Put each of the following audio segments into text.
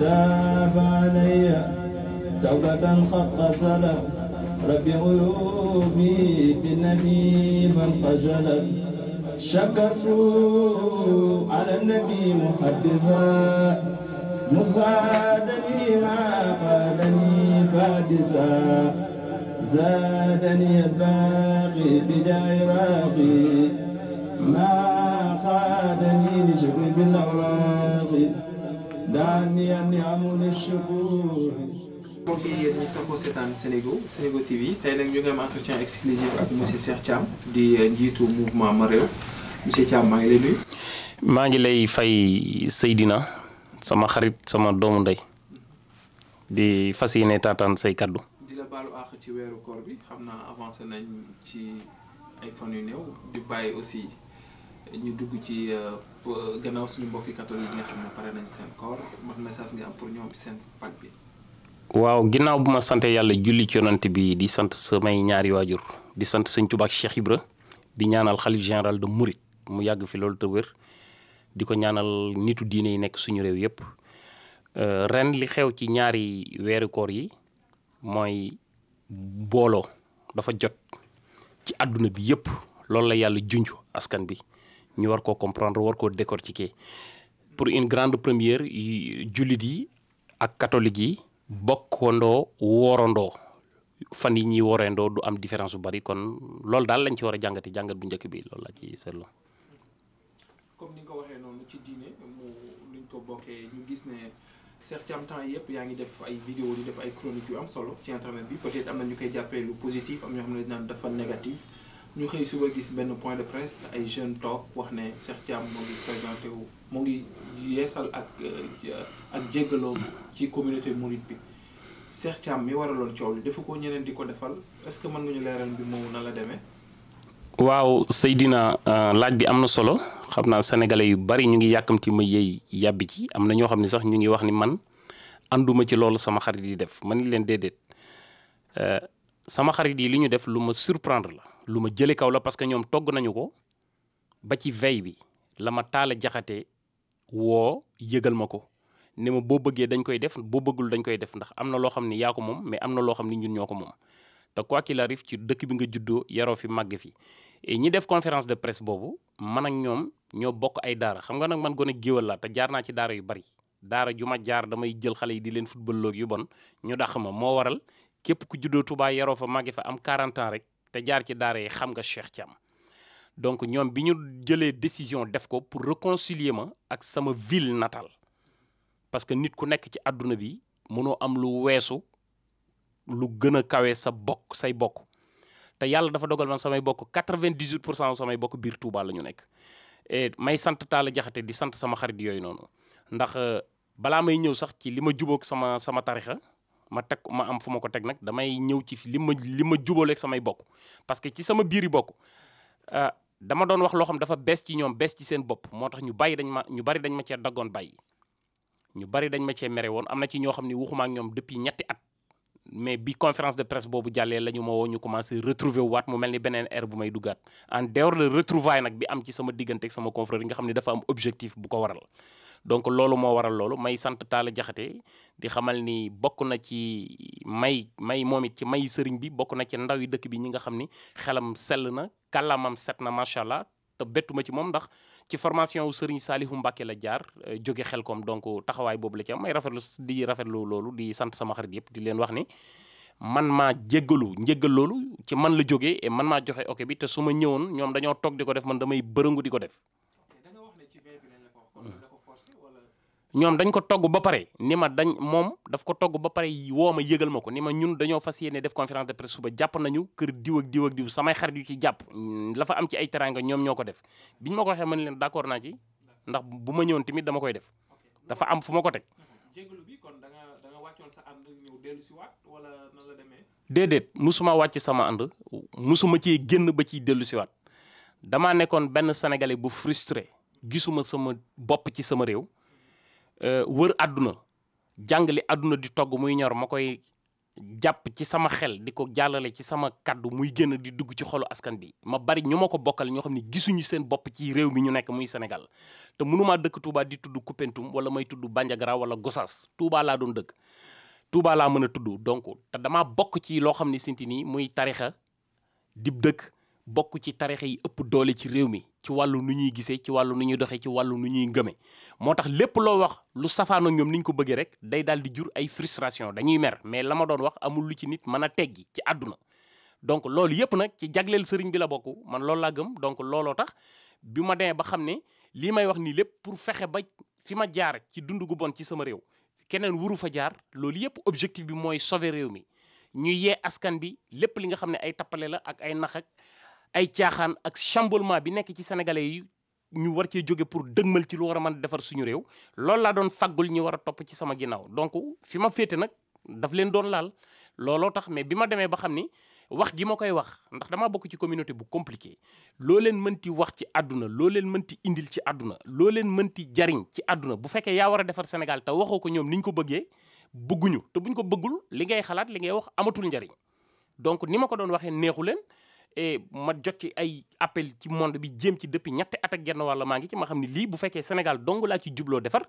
تاب علي توبة قد قسلت رب قلوبي بالنبي من خجلت شكرت على النبي محدثا مصادني ما قالني فادسا زادني الباقي بداي راقي ما قادني لشكر بالأوراق daaniya ni amul shukur mbokk yi yéen ñi sako seetaan Sénégo Sénégo TV tey nag ñu ngi entretien exclusif ak monsieur Cheikh Thiam di euh, njiitu mouvement Ma Réew monsieur Thiam maa ngi lay maa ngi lay fay Seydina sama xarit sama doomu ndey di fas yéene taataan say kaddu di la baalu àq ci weeru koor bi xam naa avancé nañ ci ay fan yu néew di bàyyi aussi ñu dugg euh, euh, waaw ginnaaw bu ma sant yàlla julli ci yonant bi di sant samay ñaari waajur di sant sëñ Tuubaa ak di ñaanal xalif général de Mouride mu yàgg fi loolu te wér di ko ñaanal nitu diine yi nekk suñu réew yëpp euh, ren li xew ci ñaari weeru koor yi mooy booloo dafa jot ci àdduna bi yëpp loolu la yàlla junj askan bi. ñu war ko comprendre war ko ci décortiquer pour une grande première jullit yi ak catholique yi bokkandoo woorandoo fan yi ñuy ndoo du am différence bu bari kon loolu daal lañ ci war a jàngati jàngat bu njëkk bi loolu la ci seetlu. comme ni nga ko waxee noonu ci diine mu luñ ko bokkee ñu gis ne Cheikh temps yaa ngi def ay vidéo di def ay chroniques yu am solo ci internet bi peut-être am na ñu koy jàppee lu positif am ñoo xam ne naan dafa négatif. ñu xëy suba gis benn point de presse ay jeunes toog wax ne Cheikh Thiam moo ngi présenté wu mu ngi yeesal ak euh, ak jéggaloom ci communauté mouride bi Cheikh Thiam mi waraloon coow li defu ko ñeneen di ko defal est-ce que mën nga ñu leeral bi moomu na la demee. waaw Seydina euh, laaj bi am na solo xam naa sénégalais yu bari ñu ngi yàkkamti ma yey yàbbi ci am na ñoo xam ne sax ñu ngi wax ni man ànduma ci loolu sama xarit yi def man ni leen déedéet euh, sama xarit yi li ñu def lu ma surprendre la. lu ma jëlee kaw la parce que ñoom togg nañu ko ba ci veille bi la ma taala jaxate woo yëgal ma ko ni ma boo bëggee dañ koy def boo bëggul dañ koy def ndax am na loo xam ni yaa ko moom mais am na loo xam ni ñun ñoo ko moom te quoi qu'il arrive ci dëkk bi nga juddoo yaroo fi màgg fi ñi def conférence de presse boobu man ak ñoom ñoo bokk ay daara xam nga nag man gone géwal laa te jaar naa ci daara yu bari daara ju ma jaar damay jël xale yi di leen football loog yu bon ñu dàq ma moo waral képp ku juddoo tubaay yaroo fa màgge fa am 40 ans rek te jaar ci daara yi xam nga Cheikh Thiam donc ñoom bi ñu jëlee décision def ko pour réconcilier ma ak sama ville nataal parce que nit ku nekk ci àdduna bi mënoo am lu weesu lu gën a kawe sa bokk say bokk te yàlla dafa dogal man samay bokk 98 pour cent samay bokk biir Touba la ñu nekk et may sant Talla Jaxate di sant sama xarit yooyu noonu ndax euh, balaa may ñëw sax ci li ma jubook sama sama tarixa ma teg ma am fu ma ko teg nag damay ñëw ci li ma li ma jubaleeg samay bokk parce que ci sama biir biiri bokk euh, dama doon wax loo xam dafa bees ci ñoom bees ci seen bopp moo tax ñu bàyyi dañ ma ñu bari dañ ma cee daggoon bàyyi ñu bari dañ ma cee mere woon am na ci ñoo xam ne waxuma ak ñoom depuis ñetti at mais bi conférence de presse boobu jàllee la ñu ma woo ñu commencé retrouver waat mu mel ni beneen air bu may dugaat en dehors le retrouvaille nag bi am ci sama diggante ak sama confrère nga xam ne dafa am objectif bu ko waral donc loolu moo waral loolu may sant Talla Diakhaté di xamal ni bokk na ci may may moom it ci may sëriñ bi bokk na ci ndaw yi dëkk bi ñi nga xam ni xelam sell na kàllaamam set na macha allah te bettuma ci moom ndax ci formation wu Serigne Salihu Mbacke la jaar euh, jóge xel koom donc taxawaay boobu la ci may rafetlu di rafetlu loolu di sant sama xarit yëpp di leen wax ni man maa jéggalu njéggal loolu ci man la jóge et man maa joxe ok bi te su ma ñëwoon ñoom dañoo toog di ko def man damay bërëngu di ko def. ñoom dañ ko togg ba pare ni ma dañ moom daf ko togg ba pare woo ma yëgal ma ko ni ma ñun dañoo fas yéene def conférence de presse suba jàpp nañu kër diw ak diw samay xarit yu ci jàpp lafa am ci ay teranga ñoom ñoo ko def bi biñ ma ko waxee man leen d'accord naa ci ndax bu ma ñëwoon tamit dama koy def dafa am fu ma ko teg. jégalu bi kon da wala nan la demee. déedéet musuma wàcc sama ànd musuma ci génn ba ciy dellu si waat damaa nekkoon benn sénégalais bu frustré gisuma sama bopp ci sama réew. Euh, wër àdduna jàngale àdduna di togg muy ñor ma koy jàpp ci sama xel di ko jàllale ci sama kàddu muy génn di dugg ci xolu askan bi ma bari ñu ma ko bokkal ñoo xam ne gisuñu seen bopp ci réew mi ñu nekk muy Sénégal te mënumaa dëkk Touba di tudd Koupentoum wala may tudd Bandiagara wala Gossas tuubaa laa doon dëkk Touba laa mën a tudd donc te damaa bokk ci loo xam ne sinti nii muy tarixa dib dëkk bokk ci tarixe yi ëpp doole ci réew mi ci wàllu nu ñuy gisee ci wàllu nu ñuy doxee ci wàllu nu ñuy ngëme moo tax lépp loo wax lu safaanoo ñoom ni ñu ko bëggee rek day daal di jur ay frustration dañuy mer mais lama doon wax amul lu ci nit mën a teggi ci àdduna donc loolu yëpp nag ci jagleel sëriñ bi la bokk man loolu laa gëm donc looloo tax bi ma demee ba xam ne lii may wax nii lépp pour fexe ba fi ma jaar ci dundu gu bon ci sama réew keneen wuru fa jaar loolu yëpp objectif bi mooy sauver réew mi ñu yee askan bi lépp li nga xam ne ay tappale la ak ay nax ay caaxaan ak chamboulement bi nekk ci sénégalais yi ñu war cee jóge pour dëgmal ci lu war a man defar suñu réew loolu laa doon faggul ñu war a topp ci sama ginnaaw donc fi ma féete nag daf leen doon laal looloo tax mais bi ma demee ba xam ni wax gi ma koy wax ndax damaa bokk ci communauté bu compliqué loo leen mënti wax ci àdduna loo leen mënti indil ci àdduna loo leen mënti jariñ ci àdduna bu fekkee yaa war a defar Sénégal te waxoo ko ñoom ni ñu ko bëggee bëgguñu te buñ ko bëggul li ngay xalaat li ngay wax amatul njariñ donc ni ma ko doon waxee neexu leen ma jot ci ay appel ci monde bi jéem ci depuis ñetti at ak genn wàlla maa ngi ci ma xam ni lii bu fekkee Sénégal dong laa ci jubloo defar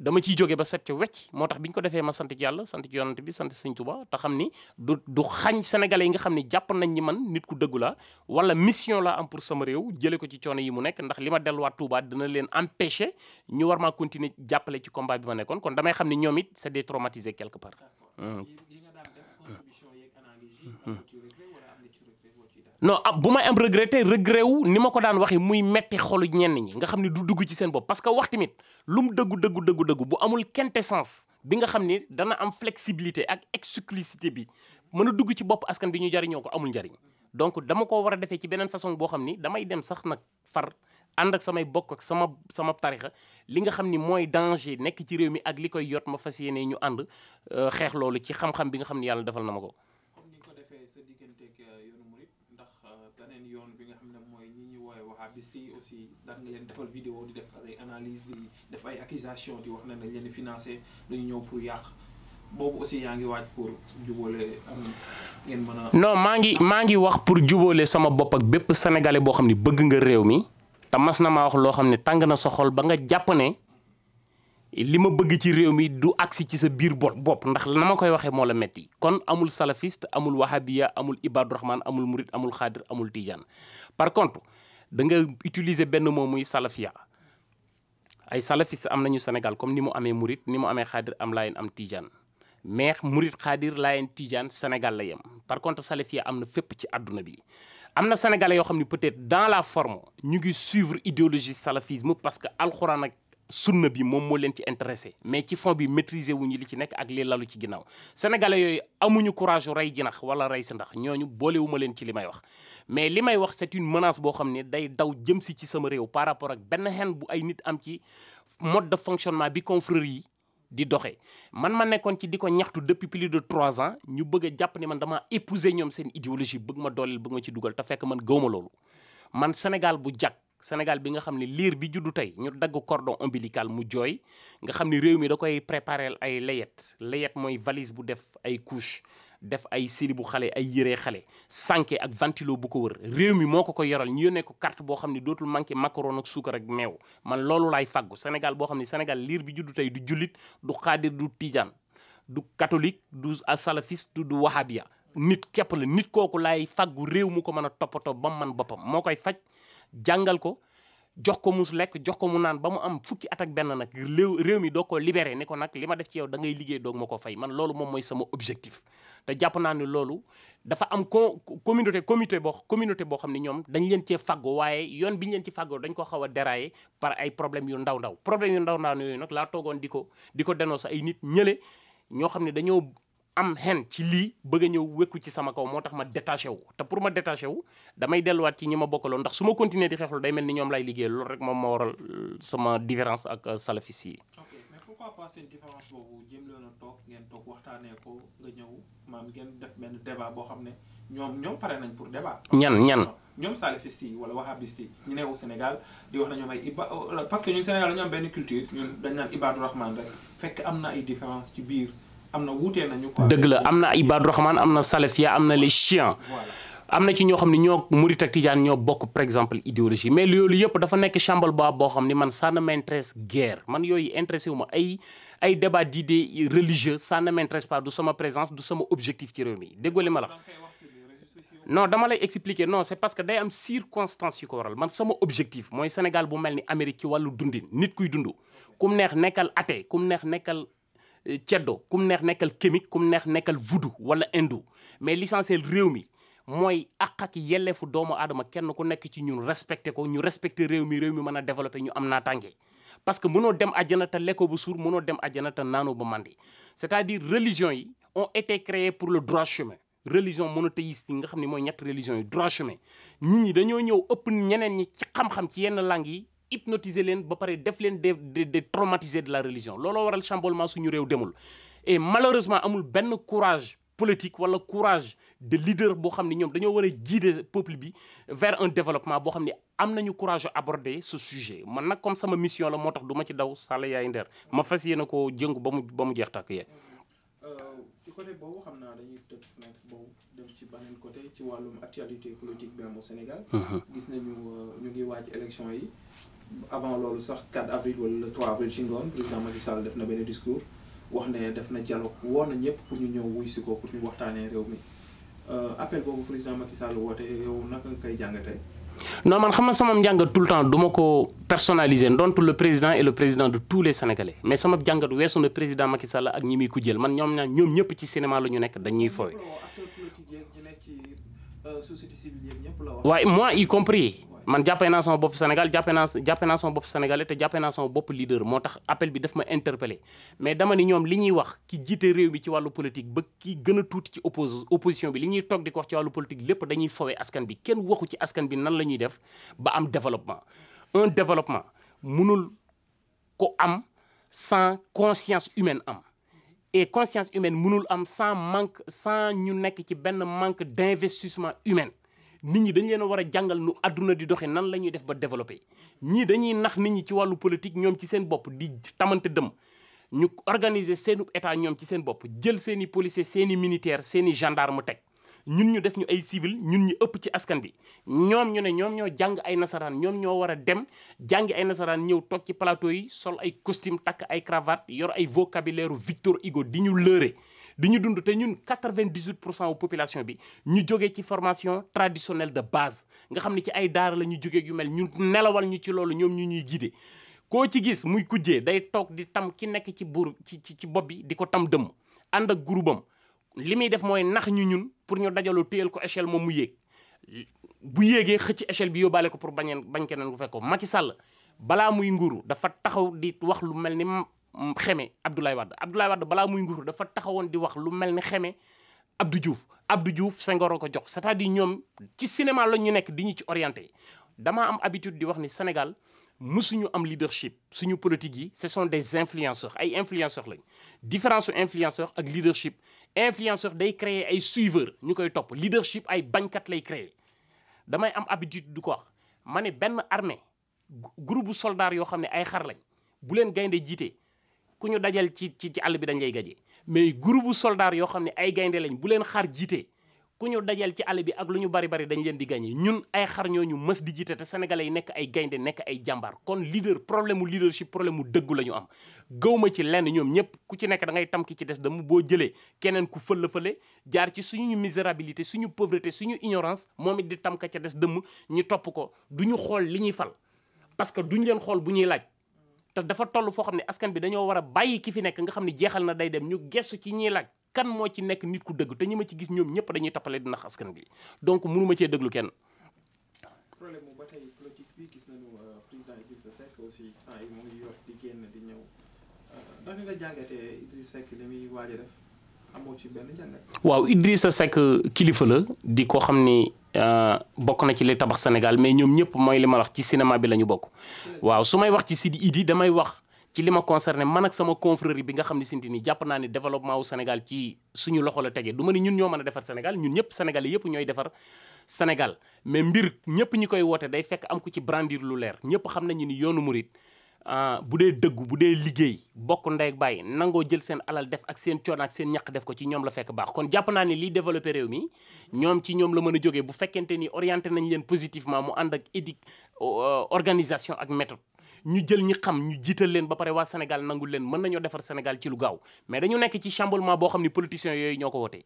dama ciy jóge ba set ci wecc moo tax bi ñu ko defee ma sant ci yàlla sant ci yonante bi sant sëñ Tuba te xam ni du du xañ sénégalais yi nga xam ne jàpp nañ ni man nit ku dëggu laa wala mission laa am pour sama réew jële ko ci coono yi mu nekk ndax li ma delluwaat Touba dina leen empêcher ñu war maa continuer jàppale ci combat bi ma nekkoon kon damay xam ni ñoom it c'est détraumatisé quelque part non am ah, bu may am regretté regret wu ni ma ko daan waxee muy metti xolu ñenn ñi nga xam ne du dugg ci seen bopp parce que wax tamit lu mu dëggu dëggu dëggu bu amul quintessence bi nga xam ni dana am flexibilité ak exclusivité bi mën a dugg ci bopp askan bi ñu jariñoo ko amul njariñ donc dama ko war a defee ci beneen façon boo xam ni damay dem sax nag far ànd ak samay bokk ak sama sama tarixa li nga xam ni mooy danger nekk ci réew mi ak li koy yot ma fas yenee ñu ànd euh, xeex loolu ci xam bi nga xam ni yàlla defal na ma ko artistes aussi daan nga leen defal vidéo di ay analyse di nañ leen di financé dañu ñëw pour yàq boobu aussi yaa ngi waaj pour jubóole ngeen maa ngi maa ngi wax pour jubóole sama bopp ak bépp sénégalais boo xam ne bëgg nga réew mi te mas na maa wax loo xam ne tàng na sa xol ba nga jàpp ne li ma bëgg ci réew mi du agsi ci sa biir bopp ndax na ma koy waxee moo la metti kon amul salafiste amul wahabiya amul ibadu rahman amul murid amul xaadir amul tijaan par contre. da nga utiliser benn mot muy salafia ay salafis am nañu Sénégal comme ni mu amee murit ni mu amee xaadir am laayeen am tijaan mais murit xaadir laayeen tijaan Sénégal la yem par contre salafia am na fépp ci àdduna bi am na sénégalais yoo xam ne peut-être dans la forme ñu ngi suivre idéologie salafisme parce que alxuraan ak sunna bi moom moo leen ci intéressé mais ci fon bi wu ñu li ci nekk ak li lalu ci ginnaaw sénégalais yooyu amuñu courage rey jinax wala rey sa ndax ñooñu boolewuma leen ci li may wax mais li may wax c'est une menace boo xam ne day daw jëm si ci sama réew par rapport ak benn xen bu ay nit am ci mode de fonctionnement bi confrérie yi di doxe man ma nekkoon ci di ko ñaxtu depuis plus de trois ans ñu bëgg a jàpp ne man damaa épouser ñoom seen idéologie bëgg ma dooleel bëgg ci dugal te fekk man gëwma man Sénégal bu jag Sénégal bi nga xam ne liir bi juddu tey ñu dagg cordon ombilical mu jooy nga xam ni réew mi da koy préparel ay layet layet mooy valise bu def ay couche def ay sili bu xale ay yëree xale sànke ak vantilo bu ko wër réew mi moo ko ko yoral ñu yónnee ko carte boo xam ne dootul manqué macaron ak suukar ak meew man loolu laay faggu Sénégal boo xam ne Sénégal liir bi juddu tey du jullit du xaadir du tijaan du catholique du salafiste du du wahabia nit képp la nit kooku laay fàggu réew mu ko mën a toppatoo ba man boppam moo koy faj jàngal ko jox ko mu lekk jox ko mu naan ba mu am fukki atak benn nag réew réew mi doo ko libéré ni ko nag li ma def ci yow da ngay liggéey doog ma ko fay man loolu moom mooy sama objectif. te jàpp naa ne loolu dafa am co communauté comité boo communauté boo xam ne ñoom dañ leen cee fàggoo waaye yoon bi ñu leen ci fàggoo dañ ko xaw a déraillé par ay problèmes yu ndaw ndaw problème yu ndaw ndaw yooyu nag laa toogoon di ko di ko dénoncé ay nit ñële ñoo xam ne dañoo am xen ci lii bëgg a ñëw wekku ci sama kaw moo tax ma détaché wu te pour ma détaché wu damay delluwaat ci ñi ma bokkaloon ndax su ma continuer di xeexlu day mel ni ñoom lay liggéey loolu rek moom ma waral euh, sama différence ak euh, salafis yi. ok mais boobu jéem leen a toog ngeen toog waxtaanee ko nga ñëw maam ngeen def benn débat boo xam ne ñoom ñoom pare nañ pour débat. ñan ñan ñoom salafis yi wala wahabist yi ñu ne au Sénégal di wax na ñoom ay Iba euh, parce que ñun Sénégal dañu am benn culture ñun dañ naan Ibadu Rahman rek fekk am na ay différence ci biir. dëgg la am na ay Badurahman am na Salafia am na les chiens am na ci ñoo xam ne ñoo Murit ak Tijaan ñoo bokk par exemple idéologie mais loolu yëpp dafa nekk chambal ba boo xam ni man ça ne m'intéresse guère man yooyu intéressé wu ma ay ay débat d'idées religieux ça ne m'intéresse pas sama présence du sama objectif ci réew mi déggoo li ma la non dama lay expliquer non c'est parce que day am circonstance yu ko waral man sama objectif mooy Sénégal bu mel ni Amérique ci wàllu dundin nit kuy dund kum neex nekkal athée kum neex nekkal ceddo kum neex nekkal kémique kum neex nekkal voodoo wala indo mais l'essentiel réew mi mooy àq ak yelleefu doomu adama kenn ku nekk ci ñun respecté ko ñu respecté réew mi réew mi mën a développé ñu am naataange parce que mënoo dem àjjana te lekkoo bu suur mënoo dem àjjana te naanoo ba mandi c'est-à-dire religion yi on été créées pour le droit chemin religion monothéiste yi nga xam ni mooy ñett religion yi droit chemin nit ñi dañoo ñëw ëpp ñeneen ñi ci xam ci yenn langue yi hypnotiser leen ba pare def leen de des traumatisés de la religion looloo waral chamboulement suñu réew demul et malheureusement amul benn courage politique wala courage de leader boo xam ne ñoom dañoo war a guider peuple bi vers un développement boo xam ne am nañu courage aborder ce sujet ma nag comme sama mission la moo tax duma ci daw sala yaay ndeer ma fas yéene koo jëngu ba mu ba mu jeex tàkk yee euh, ci boobu xam naa dañuy tëb fenêtre ci beneen côté Sénégal gis nañu euh, ñu yi avant loolu sax 4 avril wala le 3 avril ci ngoon président Macky def na benn discours wax ne def na dialogue woon na ñëpp pour ñu ñëw wuy si ko pour ñu waxtaanee réew mi euh, appel boobu président Macky Sall woote yow naka nga koy jàngatee. non man xam nga sama njàngat tout le temps ma ko personnaliser ndontu le président et le président de tous les sénégalais mais sama jàngat weesu na président Macky Sall ak ñi muy kujjeel man ñoom ñaar ñoom ñëpp ci cinéma la ñu nekk dañuy fooy. Euh, société civile yeeg ñëpp la wax. waaye moi y compris man jàppee naa sama bopp Sénégal jàppee naa jàppee naa bopp sénégalais te jàppee bopp leader moo tax appel bi daf ma interpellé mais dama ni ñoom li ñuy wax ki jiite réew mi ci wàllu politique ba ki gën a tuuti ci opposition bi li ñuy toog di ko ci wàllu politique lépp dañuy fowe askan bi kenn waxu ci askan bi nan la def ba am développement un développement mënul ko am sans conscience humaine am et conscience humaine munul am sans manque sans ñu nekk ci benn manque d'investissement humain nit ñi dañ leen a war a jàngal nu àdduna di doxee nan la ñuy def ba développer ñii dañuy nax ni ñi ci wàllu politique ñoom ci seen bopp di tamante dëm ñu organiser seenu état ñoom ci seen bopp jël seeni policier seeni militaires seeni gendarme teg ñun ñu def ñu ay civil ñun ñu ëpp ci askan bi ñoom ñu ne ñoom ñoo jàng ay nasaraan ñoom ñoo war a dem jàngi ay nasaraan ñëw toog ci plateau yi sol ay costume takk ay cravat yor ay vocabulaire Victor Hugo di ñu lëre di ñu dund te ñun 98 pour cent wu bi ñu jóge ci formation traditionnelle de base nga xam ne ci ay daara la ñu jógee yu mel ñu nelawal ñu ci loolu ñoom ñu ñuy guider koo ci gis muy kujjee day toog di tam ki nekk ci buur ci ci bopp bi di ko tam dëmm ànd ak groupam li muy def mooy nax ñu ñun pour ñu dajaloo téyal ko échelle moom mu yéeg bu yéegee xëcc échelle bi yóbbaale ko pour bañeen bañ keneen ku fekk ko Macky balaa muy nguuru dafa taxaw di wax lu mel ni xeme Abdoulaye Wade Abdoulaye Wade balaa muy nguuru dafa taxawoon di wax lu mel ni xeme Abdou juuf Abdou Diouf Senghor ko jox cest à di ñoom ci cinéma la ñu nekk di ñu ci orienté damaa am habitude di wax ni Sénégal musuñu am leadership suñu politique yi ce sont des influenceurs ay influenceurs lañ différence su influenceur ak leadership influenceur day créer ay suiveur ñu koy topp leadership ay bañkat lay créer damay am habitude du ko wax ma ne benn armée groupe bu soldat yoo xam ne ay xar lañ bu leen gaynde jiite ku ñu dajal ci ci ci àll bi dañ lay gaje mais groupe bu soldat yoo xam ne ay gaynde lañ bu leen xar jiitee ku ñu dajal ci àll bi ak lu ñu bari bari dañ leen di gagné ñun ay xar ñooñu mës di jiite te sénégalais yi nekk ay gaynde nekk ay jàmbaar kon leader problème mu leadership problème mu dëggu la ñu am gawma ci lenn ñoom ñëpp ku ci nekk dangay ngay tam ki ci des dama boo jëlee keneen ku fëla-fële jaar ci suñu misérabilité suñu pauvreté suñu ignorance moom it di tam ka ca des dëmm ñu topp ko du ñu xool li ñuy fal parce que duñ leen xool bu ñuy laaj te dafa toll foo xam ne askan bi dañoo war a bàyyi ki fi nekk nga xam ne jeexal na day dem ñu gestu ci ñiy laaj kan moo ci nekk nit ku dëgg te ñi ma ci gis ñoom ñëpp dañuy tappale dina askan bi donc mënu ma cee déglu kenn. problème mu ba tey gis euh, euh, a def amoo euh, kilifa la di ko xam ni. bokk na ci li tabax Sénégal mais ñoom ñëpp mooy li ma wax ci cinéma bi la ñu bokk waaw su may wax ci Sidi Idi damay wax ci li ma concerné man ak sama confrérie bi nga xam ne si ni jàpp naa ne développement wu Sénégal ci suñu loxo la tege du ma ne ñun ñoo mën a defar Sénégal ñun ñëpp Sénégal yëpp ñooy defar Sénégal. mais mbir ñëpp ñi koy woote day fekk am ku ci brandir lu leer ñëpp xam nañu ni yoonu murit ah, bu dee dëggu bu dee liggéey bokk ndey ak bàyyi nangoo jël alal def ak seen coono ak seen ñaq def ko ci ñoom la fekk baax kon jàpp naa ne liy développé réew mi ñoom ci la mën a jogee bu fekkente ni orienté nañ leen positivement mu ànd ak édi euh, organisation ak méthode. ñu jël ñi xam ñu jiital leen ba pare waa Sénégal nangul leen mën nañoo defar Sénégal ci lu gaaw mais dañu nekk ci chamboulement boo xam ni politiciens yooyu ñoo ko wootee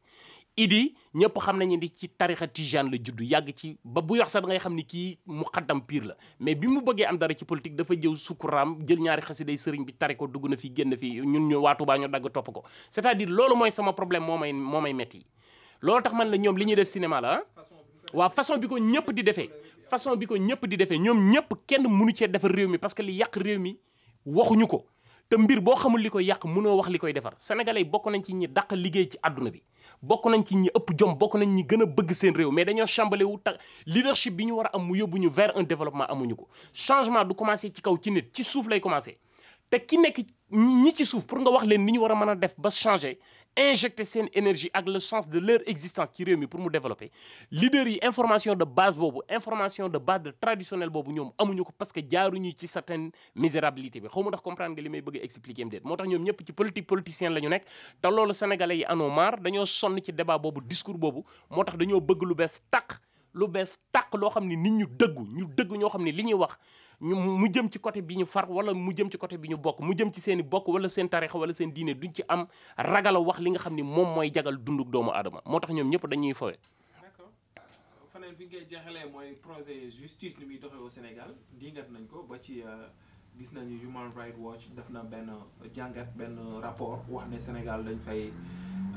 idi ñëpp xam nañu ni ci tarixa tijane la juddu yàgg ci ba bu yox sax da ngay xam ni kii mu xaddam pire la mais bi mu bëggee am dara ci politique dafa jëw sukuraam jël ñaari xasiday sëriñ bi tari ko dugg na fi génn fii ñun ñu waatu baa ñu dagg topp ko c'est-à-dire loolu mooy sama problème moo may moo may metti loolu tax man la ñoom li ñuy def cinéma la waaw façon bi ko ñëpp di defee façon bi ko ñëpp di defee ñoom ñëpp kenn munu cee defar réew mi parce que li yàq réew mi waxuñu ko te mbir boo xamul li koy yàq mënoo wax li koy defar sénégalais yi bokk nañ ci ñi dàq liggéey ci àdduna bi bokk nañ ci ñi ëpp jom bokk nañ ñi gën a bëgg seen réew mais dañoo chambalé ta tax leadership bi ñu war am mu yóbbu ñu vers un développement amuñu ko changement du commencé ci kaw ci nit ci suuf lay commencé te ki nekk ñi ci suuf pour nga wax leen ni ñu war a mën a def ba changé injecter seen énergie ak le sens de leur existence ci réew mi pour mu développer leader yi information de base boobu information de base de traditionnelle boobu ñoom amuñu ko parce que jaaruñu ci certaine misérabilité bi xaw ma ndax comprendre nga li may bëgg a expliquer moo tax ñoom ñëpp ci politique politicienne la ñu nekk te loolu sénégalais yi anoo maar dañoo sonn ci débat boobu discours boobu moo tax dañoo bëgg lu bees tàq lu bees tàq loo xam ne nit ñu dëggu ñu dëggu ñoo xam ne li ñuy wax ñu mu jëm ci côté bi ñu far wala mu jëm ci côté bi ñu bokk mu jëm ci seen i bokk wala seen tarixa wala seen diine duñ ci am ragala wax li nga xam ne moom mooy jagal dunduk doomu aadama moo tax ñoom ñëpp dañuy fowee faneen fi ngay mooy projet justice ni muy doxee au Sénégal dingat nañ ko ba ci euh, gis nañu Human Rights Watch def na benn jàngat benn rapport wax ne Sénégal dañ fay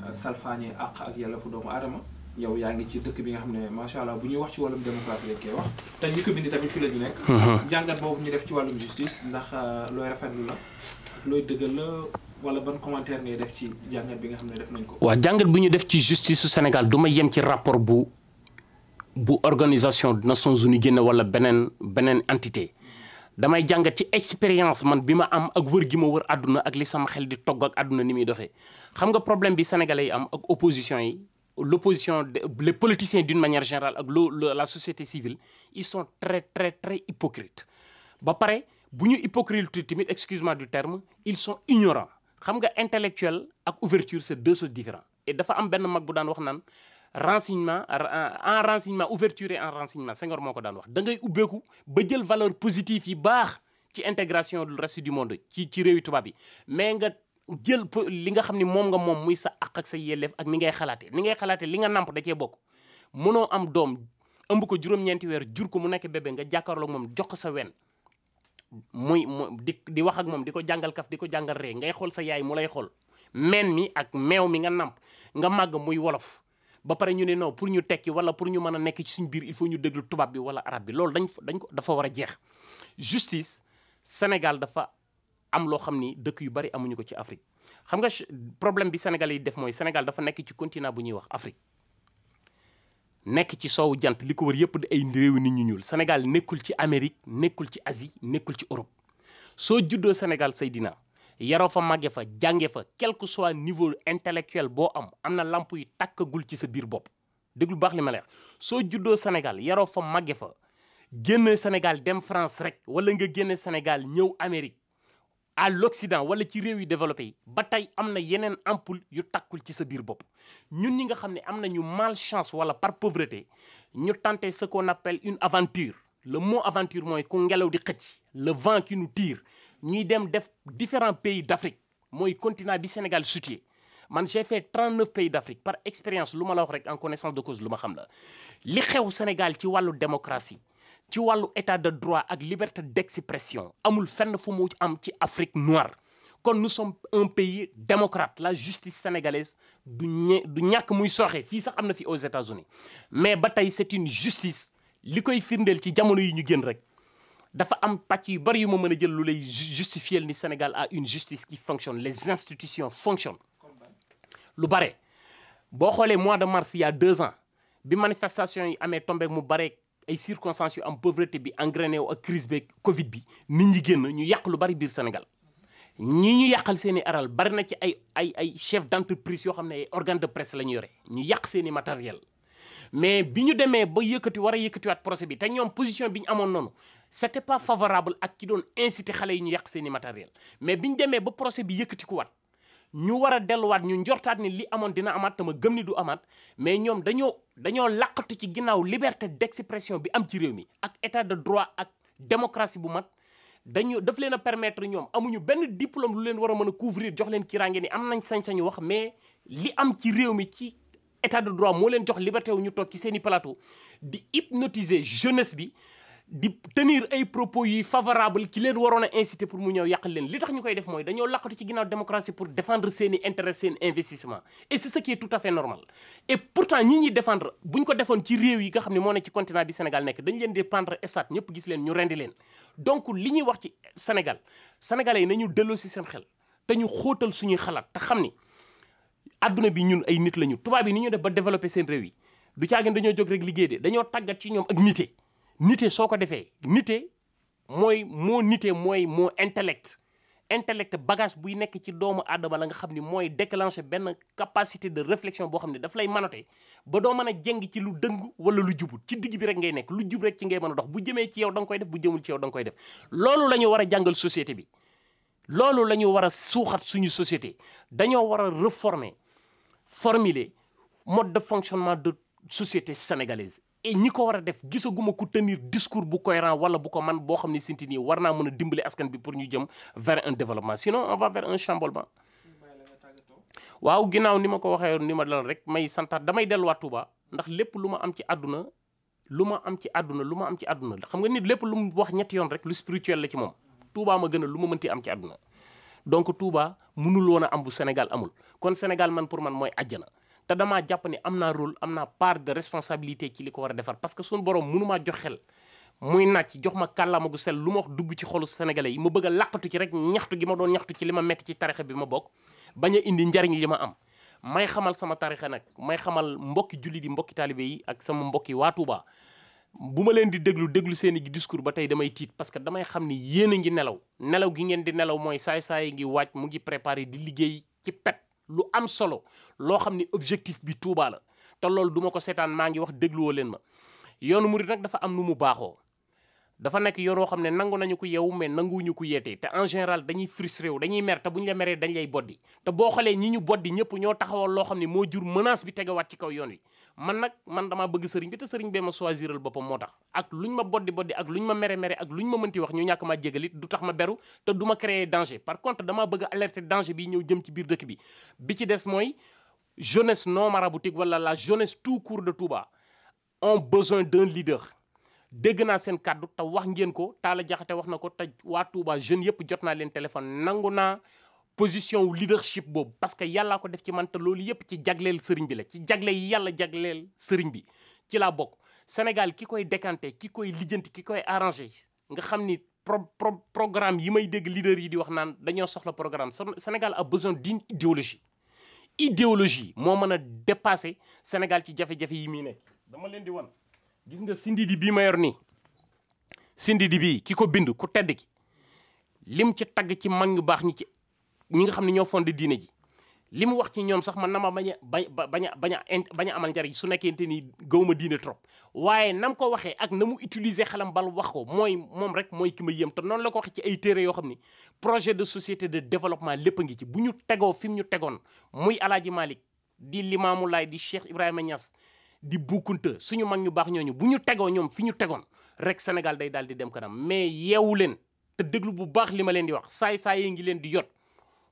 euh, salfaañe àq ak yelleefu doomu aadama yow yaa ngi ci dëkk bi nga xam ne macha allah bu ñuy wax ci wàllum démocratie lañ wax te ñi ko bind tamit fi la ñu nekk. Mhm. jàngat boobu ñu def ci wàllum justice ndax euh, looy rafetlu la ak looy dëggal la wala ban commentaire ngay def ci jàngat bi nga xam ne def nañ ko. waa jàngat bu ñu def ci justice su Sénégal du ma yem ci rapport bu bu organisation des Nations Unies génne wala beneen beneen entité. damay jàngat ci expérience man bi ma am ak wër gi ma wër àdduna ak li sama xel di togg ak àdduna ni muy doxee xam nga problème bi sénégalais yi am ak opposition yi l'opposition, les politiciens d'une manière générale ak la société civile ils sont très très très hypocrites ba pare bu ñu hypocrite tamit excuse-moi du terme ils sont ignorants xam nga intellectuel ak ouverture c'est deux choses différentes et dafa am benn mag bu daan wax naan renseignement en renseignement ouverture et en renseignement Senghor moo ko daan wax dangay ngay ubbeeku ba jël valeur positive yi baax ci intégration du reste du monde ci ci réewi yi mais jël li nga xam ni moom nga moom muy sa àq ak sa yelleef ak ni ngay xalaatee ni ngay xalaatee li nga namp da cee bokk mënoo am doom ëmb ko juróom-ñeenti weer jur ko mu nekk bebe nga jàkkaarloog moom jox ko sa wen muy mu di di wax ak moom di ko jàngal kaf di ko jàngal ngay xool sa yaay mu lay xool meen mi ak meew mi nga nàmp nga màgg muy wolof ba pare ñu ne non pour ñu tekki wala pour ñu mën a nekk ci suñ biir il faut ñu déglu bi wala arab bi loolu dañ dañ ko dafa war a jeex justice Sénégal dafa am loo xam ni dëkk yu bari amuñu ko ci Afrique xam nga problème bi Sénégal yi def mooy Sénégal dafa nekk ci continent bu ñuy wax Afrique nekk ci soowu jant li ko wër yëpp di ay réewu nit ñu ñuul Sénégal nekkul ci Amérique nekkul ci Asie nekkul ci orop soo juddoo Sénégal Seydina yaroo fa magge fa jànge fa quel que soit niveau intellectuel boo am am na lamp yi takkagul ci sa biir bopp déglu baax li ma soo juddoo Sénégal yaroo fa magge fa génn Sénégal dem France rek wala nga à l'Occident wala ci réew yi développé yi ba tey am na yeneen ampoule yu takkul ci sa biir bopp ñun ñi nga xam ne am nañu malchance wala par pauvreté ñu tenté ce qu'on appelle une aventure le mot aventure mooy ku ngelaw di xëcc le vent qui nu tire ñuy dem def différents pays d'Afrique mooy continent bi Sénégal sutiye man j'ai fait 39 pays d'Afrique par expérience lu ma la wax rek en connaissance de cause lu ma xam la li xew Sénégal ci wàllu démocratie ci wàllu état de droit ak liberté d'expression amul fenn fu mu am ci Afrique noire kon nous sommes un pays démocrate la justice sénégalaise du ñe ñàkk muy soxe fii sax am na fi aux États-Unis mais ba tey c'est une justice li koy firndeel ci jamono yi ñu génn rek dafa am pàcc yu bari yu ma mën a jël lu lay justifier ni Sénégal a une justice qui fonctionne les institutions fonctionnent lu bare boo xoolee mois de mars il deux ans bi manifestation yi amee tombé mu bare ay circonstances yu am pauvreté bi engrainé wu ak crise beeg Covid bi nit ñi génn ñu yàq lu bari biir Sénégal ñi ñu yàqal seen i aral bari na ci ay ay ay chef d' entreprise yoo xam ne organ de presse la ñu yore ñu yàq seeni i matériel mais bi ñu demee ba yëkkati war a yëkkatiwaat procès bi te ñoom position bi ñu amoon noonu c' était pas favorable ak ki doon incité xale yi ñu yàq seeni i matériel mais bi ñu demee ba procès bi yëkkati ko kuwaat ñu war a delluwaat ñu njortaat ni li amoon dina amaat te ma gëm ni du amaat mais ñoom dañoo dañoo laqatu ci ginnaaw liberté d'expression bi am ci réew mi ak état de droit ak démocratie bu mat dañoo daf leen a permetre ñoom amuñu benn diplôme lu leen war a mën a couvrir jox leen kiiraange ni am nañ sañ-sañu wax mais li am ci réew mi ci état de droit moo leen jox liberté wu ñu toog ci seeni plateau di hypnotiser jeunesse bi di tenir ay propos yuy favorable ki leen waroon a inciter pour mu ñëw yàqal leen li tax ñu koy def mooy dañoo laqatu ci ginnaaw démocratie pour défendre seeni intérêt seeni investissement et c'est ce qui est tout à fait normal et pourtant ñi ñuy défendre bu ñu ko defoon ci réew yi nga xam ne moo ne ci continent bi Sénégal nekk dañu leen di prendre état ñëpp gis leen ñu rendi leen donc li ñuy wax ci Sénégal sénégalais yi ñu delloo si seen xel te ñu xootal suñuy xalaat xam ni adduna bi ñun ay nit lañu tubaab yi ni ñu def ba développer seen réew yi du caagin dañoo jóg rek liggéey de dañoo tàggat ci ñoom ak nité nite soo ko defee nite mooy moo nite mooy moo intellect intellect bagage buy nekk ci doomu aadama la nga xam ni mooy déclencher benn capacité de réflexion boo xam ne daf lay manote ba doo mën a jeng ci lu dëng wala lu jubut ci digg bi rek ngay nekk lu jub rek ci ngay mën a dox bu jëmee ci yow da koy def bu jëmul ci nga koy def loolu la ñu war a jàngal société bi loolu la ñu war a suuxat suñu société dañoo war a réformer formuler mode de fonctionnement de société sénégalaise et ñi ko war a def gisaguma ku tenir discours bu cohérent wala bu ko man boo xam ne sinti nii war naa mën a dimbali askan bi pour ñu jëm vers un développement sinon on va vers un chamboulement waaw ginnaaw ni ma ko waxee ni ma dal rek may santaat damay delluwaat Touba ndax lépp lu ma am ci àdduna lu ma am ci àdduna lu ma am ci àdduna xam nga nit lépp lu mu wax ñetti yoon rek lu spirituel la ci moom Touba ma gën lu ma mënti am ci àdduna donc Touba mënul woon a am bu Sénégal amul kon Sénégal man pour man mooy àjjana te damaa jàpp ni am naa rôle am naa part de responsabilité ci li ko war a defar parce que suñu borom mënumaa jox xel muy naaj jox ma kàllaama gu sel lu ma wax dugg ci xolu sénégalais yi ma bëgg a làqatu ci rek ñaxtu gi ma doon ñaxtu ci li ma metti ci tarixa bi ma bokk bañ indi njariñ li ma am may xamal sama tarixa nag may xamal mbokki julli di mbokki taalibe yi ak sama mbokki waa Touba bu ma leen di déglu déglu seeni discours ba tey damay tiit parce que damay xam ni yéen a ngi nelaw nelaw gi ngeen di nelaw mooy saay-saay ngi waaj mu ngi préparer di liggéey ci pet lu am solo loo xam ni objectif bi Touba la te loolu duma ko seetaan maa ngi wax dégluwoo leen ma yoonu mu murit nag dafa am nu mu baaxoo dafa nekk yoroo xam ne nangu nañu ko yeewu mais nanguwuñu ko yeete te en général dañuy frustré wu dañuy mer te bu ñu la meree dañ lay boddi te boo xoolee ñi ñu boddi ñëpp ñoo taxawal loo xam ne moo jur menace bi tegawaat ci kaw yoon wi man nag man damaa bëgg sëriñ bi te sëriñ bee ma choisiral boppam moo tax ak luñ ma boddi boddi ak lu luñ ma mere mere ak luñ ma mënti wax ñu ñàkk maa jégalit du tax ma beru te du ma créer danger par contre damaa bëgg alerter danger bi ñëw jëm ci biir dëkk bi bi ci des mooy jeunesse non maraboutique wala la jeunesse tout court de Touba ont besoin d'un leader dégg naa seen kàddu te wax ngeen ko Talla Diakhaté wax na ko te waatu ba jeunes yëpp jot naa leen téléphone nangu naa position wu leadership boobu parce que yàllaa ko def ci man te loolu yëpp ci jagleel sëriñ bi la ci jagle yi yàlla jagleel sëriñ bi ci laa bokk Sénégal ki koy décanté ki koy lijjanti ki koy arrangé nga xam ni pro programme yi may dégg leader yi di wax naan dañoo soxla programme Sénégal a besoin d'une idéologie idéologie moo mën a dépassé Sénégal ci jafe yi muy dama leen di wan gis nga sindidi bii ma yor nii sindidi bii ki ko bind ku tedd ki lim ci tagg ci man ñu baax ñi ci ñi nga xam ne ñoo fondé diine ji li mu wax ci ñoom sax man na ma bañ a bañ a bañ a bañ a amal njariñ su nekkente ni gaw ma diine trop waaye nam ko waxee ak na mu utiliser xelam bal wax ko mooy moom rek mooy ki ma yëm te noonu la ko waxee ci ay téere yoo xam ni projet de société de développement lépp a ngi ci bu ñu tegoo fi mu ñu tegoon muy alaaji Malick di Limaamu Laay di Cheikh Ibrahima Niass di bukkunte suñu mag ñu baax ñooñu bu ñu tegoo ñoom fi ñu tegoon rek Sénégal day daal di dem kanam mais yeewu leen te déglu bu baax li ma leen di wax saay saa yi ngi leen di yot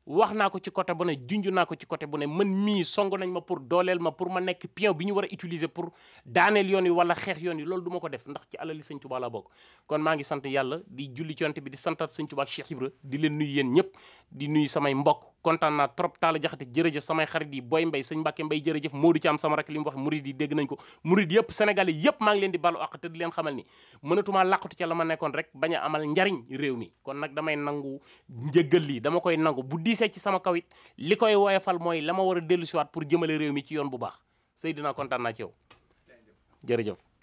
wax naa ko ci côté bu ne junj naa ko ci côté bu ne man mii song nañ ma pour dooleel ma pour ma nekk pion bi ñu war a utiliser pour daaneel yoon yi wala xeex yoon yi loolu du ko def ndax ci alali sëñ samay kontaan naa trop taala jaxate jërëjëf samay xarit yi Boy Mbay sëñ Mbàkke Mbay jërëjëf Moodu ci am sama rakk li mu wax murid yi dégg nañ ko murid yëpp sénégalais yëpp maa ngi leen di balu àq te leen xamal ni mënatumaa làqatu ca la ma nekkoon rek bañ a amal njariñ réew mi kon nag damay nangu njëggal lii dama koy nangu bu diisee ci sama kawit it li koy woyofal mooy la ma war a dellusiwaat pour jëmale réew mi ci yoon bu baax Seydina kontaan a ci yow jërëjëf.